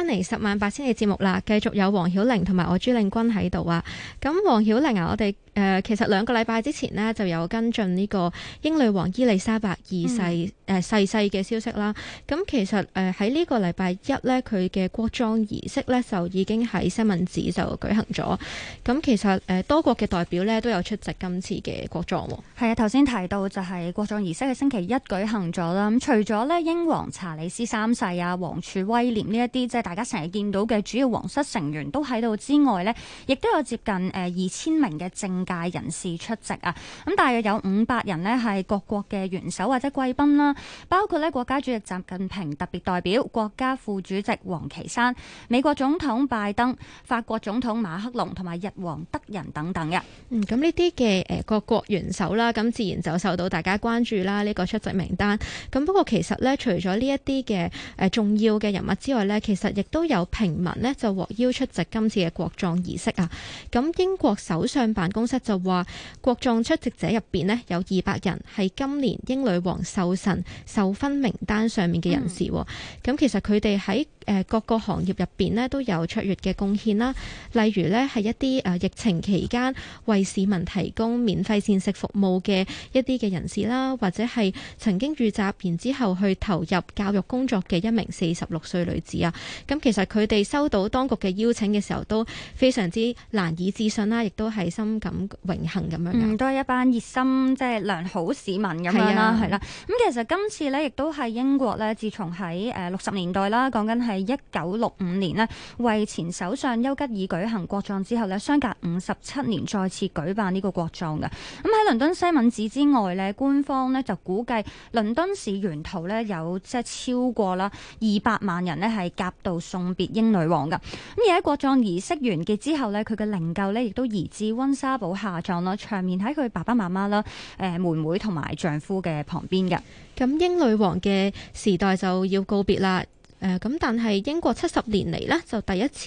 翻嚟十萬八千里節目啦，繼續有黃曉玲同埋我朱令君喺度啊！咁黃曉玲啊，我哋～誒，其實兩個禮拜之前呢，就有跟進呢個英女王伊利沙伯二世誒逝世嘅消息啦。咁、嗯、其實誒喺呢個禮拜一呢，佢嘅國葬儀式呢，就已經喺西敏寺就舉行咗。咁、嗯、其實誒、呃、多國嘅代表呢，都有出席今次嘅國葬。係啊，頭先提到就係國葬儀式喺星期一舉行咗啦。咁除咗呢英皇查理斯三世啊、王儲威廉呢一啲即係大家成日見到嘅主要皇室成員都喺度之外呢，亦都有接近誒二千名嘅政界人士出席啊，咁大約有五百人咧，係各國嘅元首或者貴賓啦，包括咧國家主席習近平特別代表、國家副主席王岐山、美國總統拜登、法國總統馬克龍同埋日皇德仁等等嘅。嗯，咁呢啲嘅誒各國元首啦，咁自然就受到大家關注啦。呢個出席名單，咁不過其實咧，除咗呢一啲嘅誒重要嘅人物之外咧，其實亦都有平民咧就獲邀出席今次嘅國葬儀式啊。咁英國首相辦公室。就話國葬出席者入邊咧，有二百人係今年英女王壽辰授勳名單上面嘅人士。咁、嗯、其實佢哋喺誒各個行業入邊咧都有卓越嘅貢獻啦。例如咧係一啲誒疫情期間為市民提供免費膳食服務嘅一啲嘅人士啦，或者係曾經遇襲然之後去投入教育工作嘅一名四十六歲女子啊。咁其實佢哋收到當局嘅邀請嘅時候，都非常之難以置信啦，亦都係深感。榮幸，咁樣都係一班熱心，即係良好市民咁樣啦，係啦是、啊。咁其實今次呢，亦都係英國呢。自從喺誒六十年代啦，講緊係一九六五年呢，為前首相丘吉爾舉行國葬之後呢，相隔五十七年再次舉辦呢個國葬嘅。咁、嗯、喺倫敦西敏寺之外呢，官方呢就估計倫敦市沿途呢，有即係超過啦二百萬人呢係夾道送別英女王嘅。咁而喺國葬儀式完結之後呢，佢嘅靈柩呢亦都移至温莎堡。好下葬咯，長眠喺佢爸爸媽媽啦、誒妹妹同埋丈夫嘅旁邊嘅。咁英女王嘅時代就要告別啦。誒咁、呃，但係英國七十年嚟呢，就第一次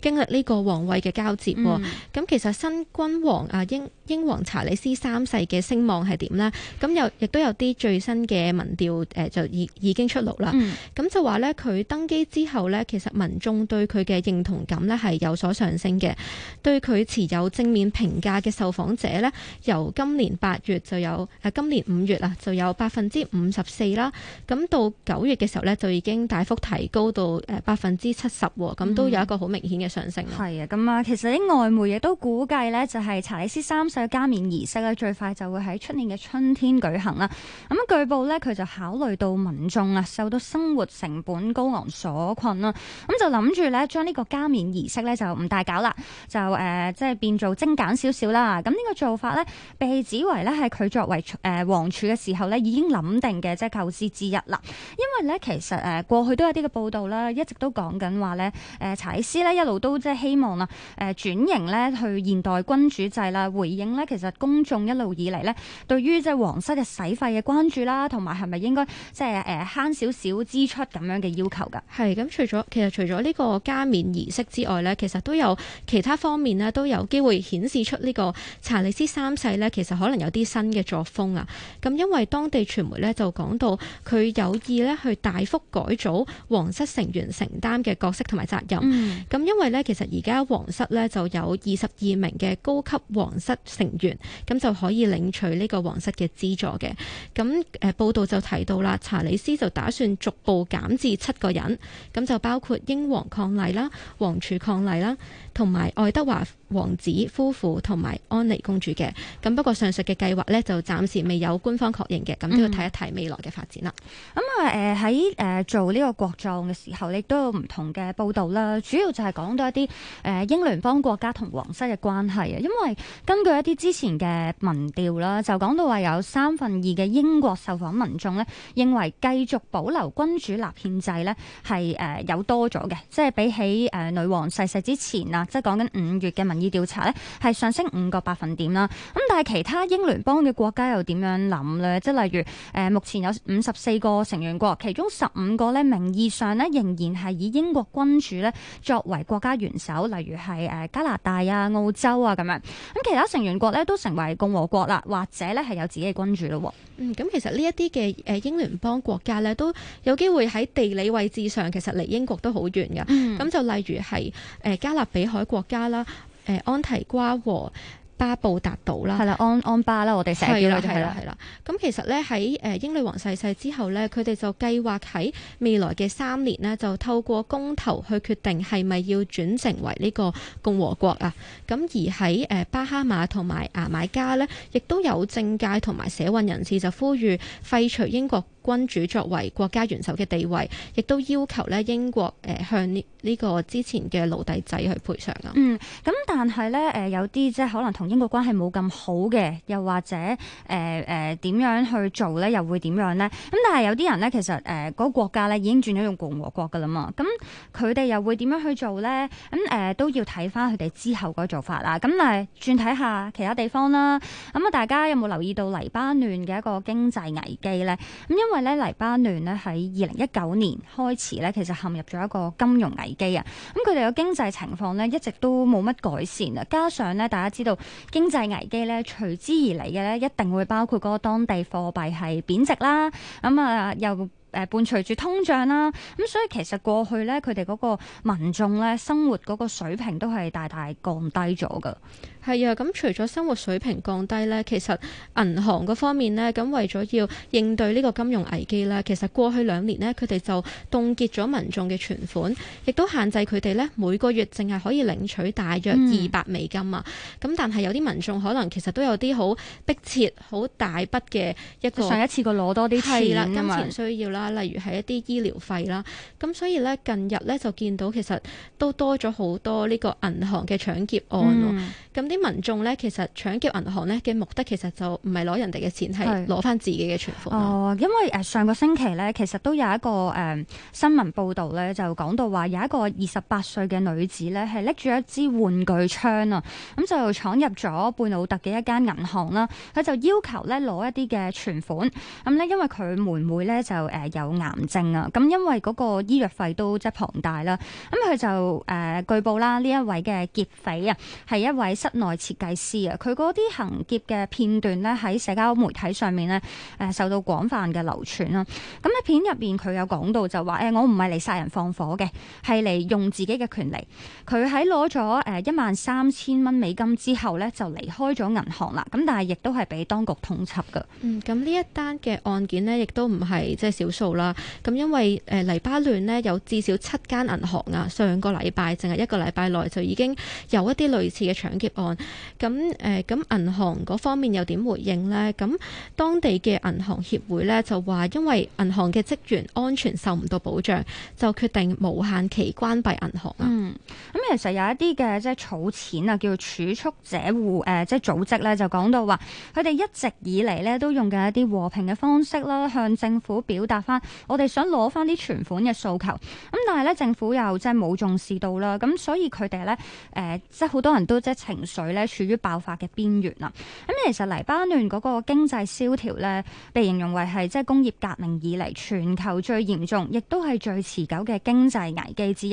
經歷呢個皇位嘅交接，哦。咁、嗯嗯、其實新君王啊英英王查理斯三世嘅聲望係點呢？咁又亦都有啲最新嘅民調誒、呃，就已已經出爐啦。咁、嗯嗯、就話呢，佢登基之後呢，其實民眾對佢嘅認同感呢係有所上升嘅，對佢持有正面評價嘅受訪者呢，由今年八月就有，誒、啊、今年五月啊就有百分之五十四啦。咁到九月嘅時候呢，就已經大幅提高到誒百分之七十喎，咁都有一個好明顯嘅上升。係啊、嗯，咁啊，其實啲外媒亦都估計呢，就係查理斯三世加冕儀式呢，最快就會喺出年嘅春天舉行啦。咁據報呢，佢就考慮到民眾啊受到生活成本高昂所困啦，咁就諗住呢，將呢個加冕儀式呢就唔大搞啦，就誒即係變做精簡少少啦。咁、這、呢個做法呢，被指為呢係佢作為誒王儲嘅時候呢已經諗定嘅即係構思之一啦。因為呢，其實誒過去都有呢個報道咧一直都講緊話咧，誒查理斯咧一路都即係希望啊，誒轉型咧去現代君主制啦，回應咧其實公眾一路以嚟咧對於即係皇室嘅使費嘅關注啦，同埋係咪應該即係誒慳少少支出咁樣嘅要求㗎？係咁，除咗其實除咗呢個加冕儀式之外咧，其實都有其他方面咧都有機會顯示出呢個查理斯三世咧其實可能有啲新嘅作風啊。咁因為當地傳媒咧就講到佢有意咧去大幅改組。皇室成員承擔嘅角色同埋責任，咁、嗯、因為咧，其實而家皇室咧就有二十二名嘅高級皇室成員，咁就可以領取呢個皇室嘅資助嘅。咁誒、呃，報道就提到啦，查理斯就打算逐步減至七個人，咁就包括英皇伉儷啦、皇儲伉儷啦，同埋愛德華王子夫婦同埋安妮公主嘅，咁不過上述嘅計劃呢，就暫時未有官方確認嘅，咁都要睇一睇未來嘅發展啦。咁啊喺誒做呢個國葬嘅時候，亦都有唔同嘅報道啦，主要就係講到一啲誒、呃、英聯邦國家同皇室嘅關係啊。因為根據一啲之前嘅民調啦，就講到話有三分二嘅英國受訪民眾呢，認為繼續保留君主立憲制呢係誒有多咗嘅，即係比起誒、呃、女王逝世之前啊，即係講緊五月嘅民。民意調查咧，係上升五個百分點啦。咁但係其他英聯邦嘅國家又點樣諗呢？即係例如誒，目前有五十四個成員國，其中十五個咧，名義上咧仍然係以英國君主咧作為國家元首，例如係誒加拿大啊、澳洲啊咁樣。咁其他成員國咧都成為共和國啦，或者咧係有自己嘅君主咯。嗯，咁其實呢一啲嘅誒英聯邦國家咧都有機會喺地理位置上其實離英國都好遠㗎。咁、嗯、就例如係誒加勒比海國家啦。誒安提瓜和巴布達島啦，係啦， 安安巴啦，我哋成日叫佢係啦係啦。咁、嗯、其實咧喺誒英女王逝世之後咧，佢哋就計劃喺未來嘅三年呢，就透過公投去決定係咪要轉成為呢個共和國啊。咁、嗯、而喺誒巴哈馬同埋牙買加咧，亦都有政界同埋社運人士就呼籲廢除英國君主作為國家元首嘅地位，亦都要求咧英國誒、呃、向呢呢個之前嘅奴隸仔去賠償啦。嗯，咁但係咧誒有啲即係可能同英國關係冇咁好嘅，又或者誒誒點樣去做咧，又會點樣咧？咁但係有啲人咧，其實誒嗰、呃嗰個國家咧已經轉咗用共和國噶啦嘛，咁佢哋又會點樣去做咧？咁、呃、誒都要睇翻佢哋之後嗰做法啦。咁誒轉睇下其他地方啦。咁啊，大家有冇留意到黎巴嫩嘅一個經濟危機咧？咁因為黎巴嫩咧喺二零一九年開始咧，其實陷入咗一個金融危機啊！咁佢哋嘅經濟情況咧一直都冇乜改善啊，加上咧大家知道經濟危機咧隨之而嚟嘅咧一定會包括嗰個當地貨幣係貶值啦，咁、嗯、啊、呃、又。誒、呃、伴隨住通脹啦、啊，咁、嗯、所以其實過去咧，佢哋嗰個民眾咧生活嗰個水平都係大大降低咗噶。係啊，咁、嗯、除咗生活水平降低咧，其實銀行嗰方面咧，咁為咗要應對呢個金融危機咧，其實過去兩年咧，佢哋就凍結咗民眾嘅存款，亦都限制佢哋咧每個月淨係可以領取大約二百美金啊。咁、嗯、但係有啲民眾可能其實都有啲好迫切、好大筆嘅一個上一次過攞多啲錢啦，金錢需要啦。例如係一啲醫療費啦，咁所以咧近日咧就見到其實都多咗好多呢個銀行嘅搶劫案喎。咁啲、嗯嗯、民眾咧其實搶劫銀行咧嘅目的其實就唔係攞人哋嘅錢，係攞翻自己嘅存款。哦，因為誒、呃、上個星期咧，其實都有一個誒、呃、新聞報導咧，就講到話有一個二十八歲嘅女子咧，係拎住一支玩具槍啊，咁、嗯、就闖入咗貝魯特嘅一間銀行啦、啊。佢就要求咧攞一啲嘅存款，咁、嗯、咧因為佢妹妹咧就誒。呃呃有癌症啊！咁因為嗰個醫藥費都即係龐大啦，咁佢就誒據、呃、報啦，呢一位嘅劫匪啊係一位室內設計師啊，佢嗰啲行劫嘅片段咧喺社交媒體上面咧誒、呃、受到廣泛嘅流傳啦。咁喺片入邊佢有講到就話誒、欸、我唔係嚟殺人放火嘅，係嚟用自己嘅權利。佢喺攞咗誒一萬三千蚊美金之後咧就離開咗銀行啦，咁但係亦都係俾當局通緝噶。嗯，咁呢一單嘅案件咧亦都唔係即係少做啦，咁因為誒黎巴嫩咧有至少七間銀行啊，上個禮拜淨係一個禮拜內就已經有一啲類似嘅搶劫案，咁誒咁銀行嗰方面又點回應咧？咁當地嘅銀行協會咧就話因為銀行嘅職員安全受唔到保障，就決定無限期關閉銀行啊。嗯，咁其實有一啲嘅即係儲錢啊，叫做儲蓄者戶誒即係組織咧就講到話，佢哋一直以嚟咧都用嘅一啲和平嘅方式啦，向政府表達。我哋想攞翻啲存款嘅訴求，咁但係咧政府又真係冇重視到啦，咁所以佢哋咧誒即係好多人都即係情緒咧處於爆發嘅邊緣啦。咁其實黎巴嫩嗰個經濟蕭條咧，被形容為係即係工業革命以嚟全球最嚴重，亦都係最持久嘅經濟危機之一。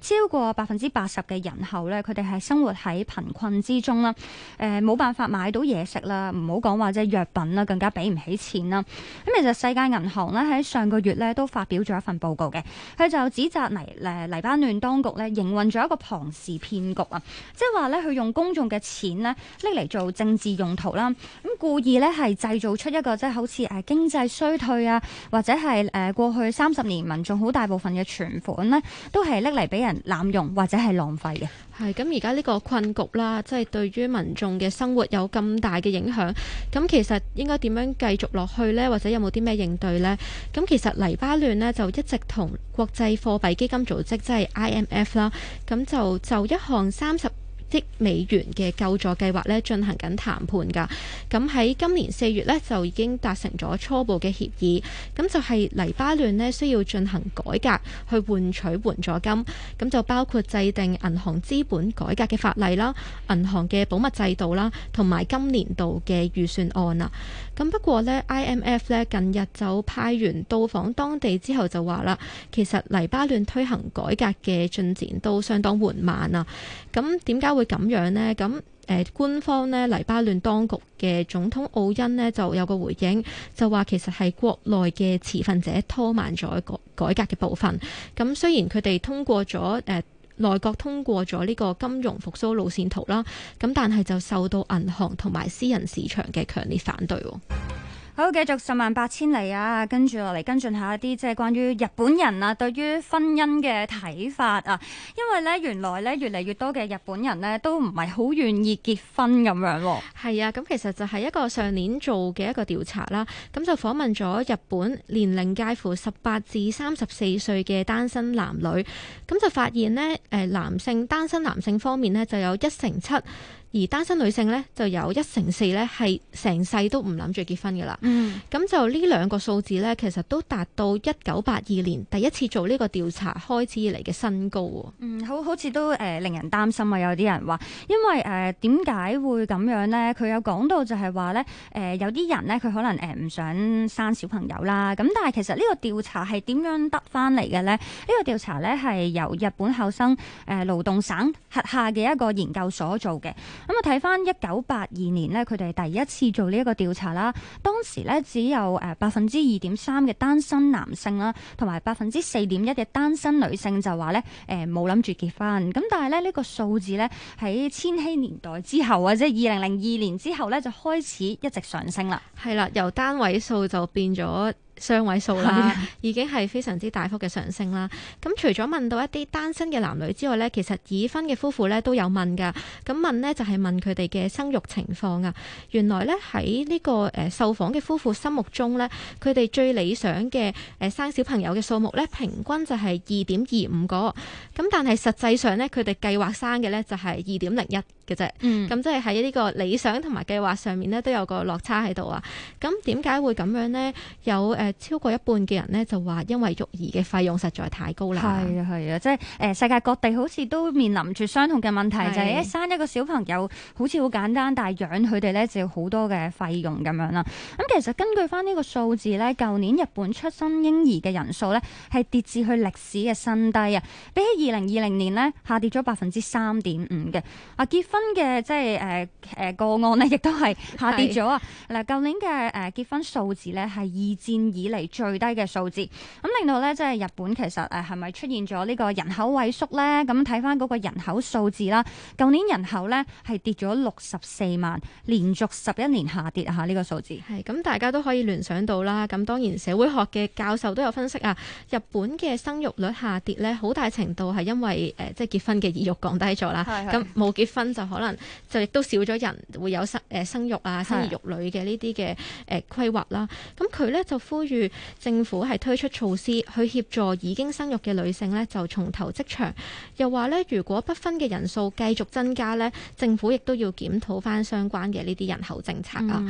超過百分之八十嘅人口咧，佢哋係生活喺貧困之中啦。誒、呃，冇辦法買到嘢食啦，唔好講話即係藥品啦，更加俾唔起錢啦。咁其實世界銀行咧喺上個月咧都發表咗一份報告嘅，佢就指責黎誒黎巴嫩當局咧營運咗一個龐氏騙局啊，即係話咧佢用公眾嘅錢咧拎嚟做政治用途啦，咁故意咧係製造出一個即係好似誒經濟衰退啊，或者係誒、呃、過去三十年民眾好大部分嘅存款咧都係拎嚟俾人濫用或者係浪費嘅。係咁，而家呢個困局啦，即係對於民眾嘅生活有咁大嘅影響。咁其實應該點樣繼續落去呢？或者有冇啲咩應對呢？咁其實黎巴嫩呢，就一直同國際貨幣基金組織即係 IMF 啦，咁就就一行三十億美元嘅救助計劃咧，進行緊談判噶咁喺今年四月咧，就已經達成咗初步嘅協議，咁就係黎巴嫩咧需要進行改革去換取援助金，咁就包括制定銀行資本改革嘅法例啦、銀行嘅保密制度啦，同埋今年度嘅預算案啊。咁不過咧，IMF 咧近日就派員到訪當地之後就話啦，其實黎巴嫩推行改革嘅進展都相當緩慢啊。咁點解會？會咁樣呢？咁、呃、誒，官方呢，黎巴嫩當局嘅總統奧恩呢就有個回應，就話其實係國內嘅持份者拖慢咗改改革嘅部分。咁、嗯、雖然佢哋通過咗誒，呃、內閣通過咗呢個金融復蘇路線圖啦，咁但係就受到銀行同埋私人市場嘅強烈反對。好，繼續十萬八千里啊！跟住落嚟，跟進下一啲即係關於日本人啊對於婚姻嘅睇法啊，因為咧原來咧越嚟越多嘅日本人咧都唔係好願意結婚咁樣。係啊，咁其實就係一個上年做嘅一個調查啦。咁就訪問咗日本年齡介乎十八至三十四歲嘅單身男女，咁就發現呢，誒男性單身男性方面呢，就有一成七。而單身女性咧就有一成四咧，係成世都唔諗住結婚嘅啦。咁、嗯、就兩數呢兩個數字咧，其實都達到一九八二年第一次做呢個調查開始以嚟嘅新高喎。嗯，好好似都誒、呃、令人擔心啊！有啲人話，因為誒點解會咁樣咧？佢有講到就係話咧，誒、呃、有啲人咧佢可能誒唔、呃、想生小朋友啦。咁但係其實呢個調查係點樣得翻嚟嘅咧？這個、調呢個調查咧係由日本厚生誒勞動省轄下嘅一個研究所做嘅。咁啊，睇翻一九八二年咧，佢哋第一次做呢一個調查啦。當時咧只有誒百分之二點三嘅單身男性啦，同埋百分之四點一嘅單身女性就話咧誒冇諗住結婚。咁但係咧呢個數字咧喺千禧年代之後或者二零零二年之後咧，就開始一直上升啦。係啦，由單位數就變咗。雙位數啦，已經係非常之大幅嘅上升啦。咁除咗問到一啲單身嘅男女之外呢，其實已婚嘅夫婦呢都有問噶。咁問呢就係、是、問佢哋嘅生育情況啊。原來呢，喺呢個誒受訪嘅夫婦心目中呢，佢哋最理想嘅誒、呃、生小朋友嘅數目呢，平均就係二點二五個。咁但係實際上呢，佢哋計劃生嘅呢就係二點零一。嘅咁、嗯、即係喺呢個理想同埋計劃上面咧，都有個落差喺度啊！咁點解會咁樣呢？有誒、呃、超過一半嘅人呢，就話因為育兒嘅費用實在太高啦。係啊係啊，即係誒、呃、世界各地好似都面臨住相同嘅問題，的就係生一個小朋友好似好簡單，但係養佢哋呢，就要好多嘅費用咁樣啦。咁其實根據返呢個數字呢，舊年日本出生嬰兒嘅人數呢，係跌至去歷史嘅新低啊！比起二零二零年呢，下跌咗百分之三點五嘅啊結婚。嘅即係誒誒個案咧，亦都係下跌咗啊！嗱是，舊年嘅誒結婚數字咧，係二戰以嚟，最低嘅數字，咁令到咧即係日本其實誒係咪出現咗呢個人口萎縮咧？咁睇翻嗰個人口數字啦，舊年人口咧係跌咗六十四萬，連續十一年下跌吓呢個數字。係咁，大家都可以聯想到啦。咁當然社會學嘅教授都有分析啊，日本嘅生育率下跌咧，好大程度係因為誒、呃、即係結婚嘅意欲降低咗啦。咁冇是結婚就可能就亦都少咗人會有生誒、呃、生育啊、生兒育女嘅呢啲嘅誒規劃啦。咁佢咧就呼籲政府係推出措施去協助已經生育嘅女性咧，就重投職場。又話咧，如果不婚嘅人數繼續增加咧，政府亦都要檢討翻相關嘅呢啲人口政策啊。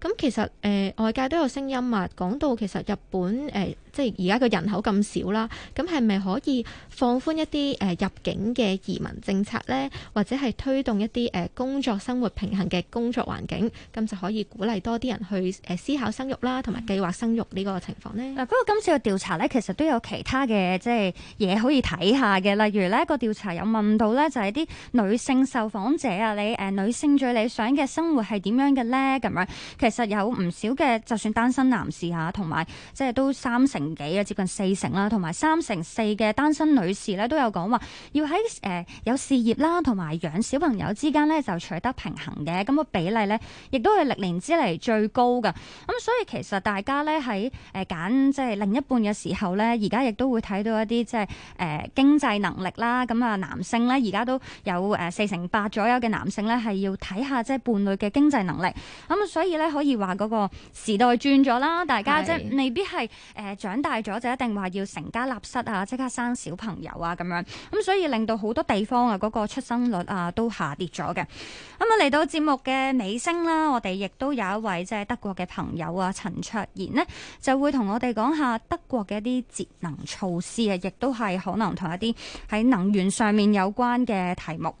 咁、嗯、其實誒、呃、外界都有聲音啊，講到其實日本誒。呃即係而家個人口咁少啦，咁係咪可以放寬一啲誒、呃、入境嘅移民政策呢？或者係推動一啲誒、呃、工作生活平衡嘅工作環境，咁就可以鼓勵多啲人去誒、呃、思考生育啦，同埋計劃生育呢個情況呢？嗱、嗯，不過今次嘅調查呢，其實都有其他嘅即係嘢可以睇下嘅，例如呢個調查有問到呢，就係、是、啲女性受訪者啊，你誒、呃、女性最理想嘅生活係點樣嘅呢？咁樣其實有唔少嘅，就算單身男士嚇、啊，同埋即係都三成。幾嘅接近四成啦，同埋三成四嘅單身女士咧都有講話要喺，誒、呃、有事業啦，同埋養小朋友之間咧就取得平衡嘅。咁、那個比例咧亦都係歷年之嚟，最高嘅。咁、嗯、所以其實大家咧喺誒揀即係另一半嘅時候咧，而家亦都會睇到一啲即係誒、呃、經濟能力啦。咁、嗯、啊，男性咧而家都有誒四成八左右嘅男性咧係要睇下即係伴侶嘅經濟能力。咁、嗯、啊，所以咧可以話嗰個時代轉咗啦，大家是即係未必係誒、呃、長長大咗就一定話要成家立室啊，即刻生小朋友啊咁樣，咁、嗯、所以令到好多地方啊嗰、那個出生率啊都下跌咗嘅。咁啊嚟到節目嘅尾聲啦，我哋亦都有一位即係德國嘅朋友啊，陳卓妍呢，就會同我哋講下德國嘅一啲節能措施啊，亦都係可能同一啲喺能源上面有關嘅題目。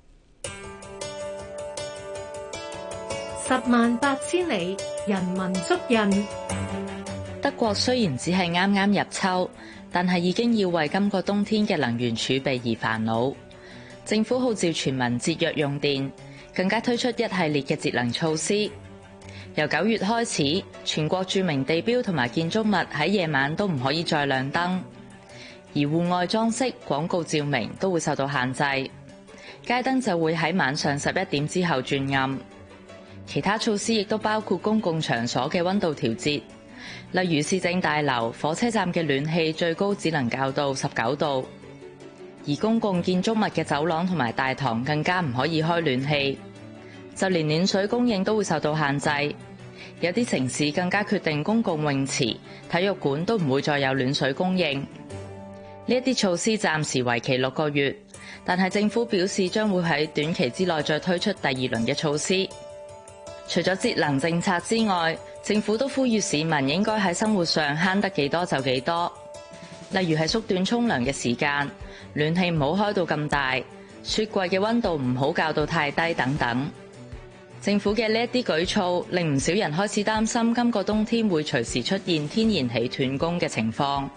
十萬八千里，人文足印。國雖然只係啱啱入秋，但係已經要為今個冬天嘅能源儲備而煩惱。政府號召全民節約用電，更加推出一系列嘅節能措施。由九月開始，全國著名地標同埋建築物喺夜晚都唔可以再亮燈，而戶外裝飾、廣告照明都會受到限制。街燈就會喺晚上十一點之後轉暗。其他措施亦都包括公共場所嘅温度調節。例如市政大樓、火車站嘅暖氣最高只能較到十九度，而公共建築物嘅走廊同埋大堂更加唔可以開暖氣，就連暖水供應都會受到限制。有啲城市更加決定公共泳池、體育館都唔會再有暖水供應。呢一啲措施暫時為期六個月，但係政府表示將會喺短期之內再推出第二輪嘅措施。除咗節能政策之外，政府都呼籲市民應該喺生活上慳得幾多就幾多，例如係縮短沖涼嘅時間，暖氣唔好開到咁大，雪櫃嘅溫度唔好較到太低等等。政府嘅呢一啲舉措，令唔少人開始擔心今個冬天會隨時出現天然氣斷供嘅情況。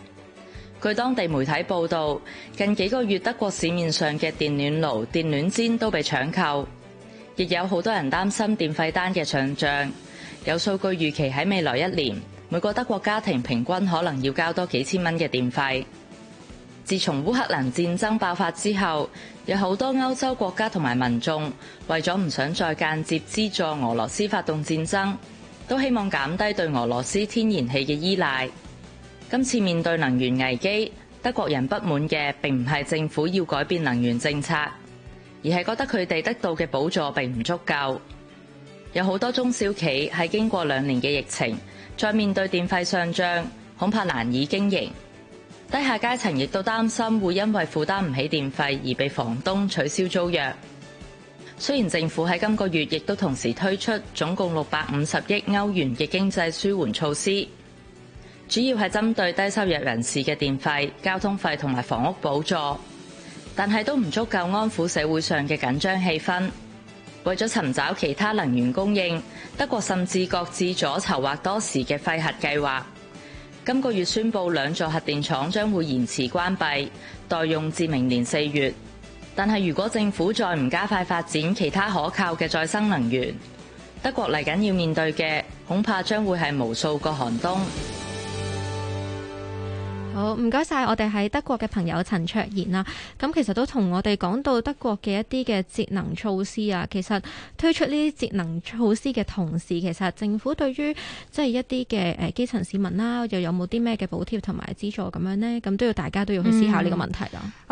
據當地媒體報導，近幾個月德國市面上嘅電暖爐、電暖氈都被搶購，亦有好多人擔心電費單嘅上漲。有數據預期喺未來一年，每個德國家庭平均可能要交多幾千蚊嘅電費。自從烏克蘭戰爭爆發之後，有好多歐洲國家同埋民眾為咗唔想再間接資助俄羅斯發動戰爭，都希望減低對俄羅斯天然氣嘅依賴。今次面對能源危機，德國人不滿嘅並唔係政府要改變能源政策，而係覺得佢哋得到嘅補助並唔足夠。有好多中小企喺經過兩年嘅疫情，再面對電費上漲，恐怕難以經營。低下階層亦都擔心會因為負擔唔起電費而被房東取消租約。雖然政府喺今個月亦都同時推出總共六百五十億歐元嘅經濟舒緩措施，主要係針對低收入人士嘅電費、交通費同埋房屋補助，但係都唔足夠安撫社會上嘅緊張氣氛。為咗尋找其他能源供應，德國甚至擱置咗籌劃多時嘅廢核計劃。今個月宣布兩座核電廠將會延遲關閉，待用至明年四月。但係如果政府再唔加快發展其他可靠嘅再生能源，德國嚟緊要面對嘅恐怕將會係無數個寒冬。好，唔該晒，我哋喺德國嘅朋友陳卓妍啊，咁、嗯、其實都同我哋講到德國嘅一啲嘅節能措施啊，其實推出呢啲節能措施嘅同時，其實政府對於即係一啲嘅誒基層市民啦，又有冇啲咩嘅補貼同埋資助咁樣咧？咁都要大家都要去思考呢個問題啦。嗯好。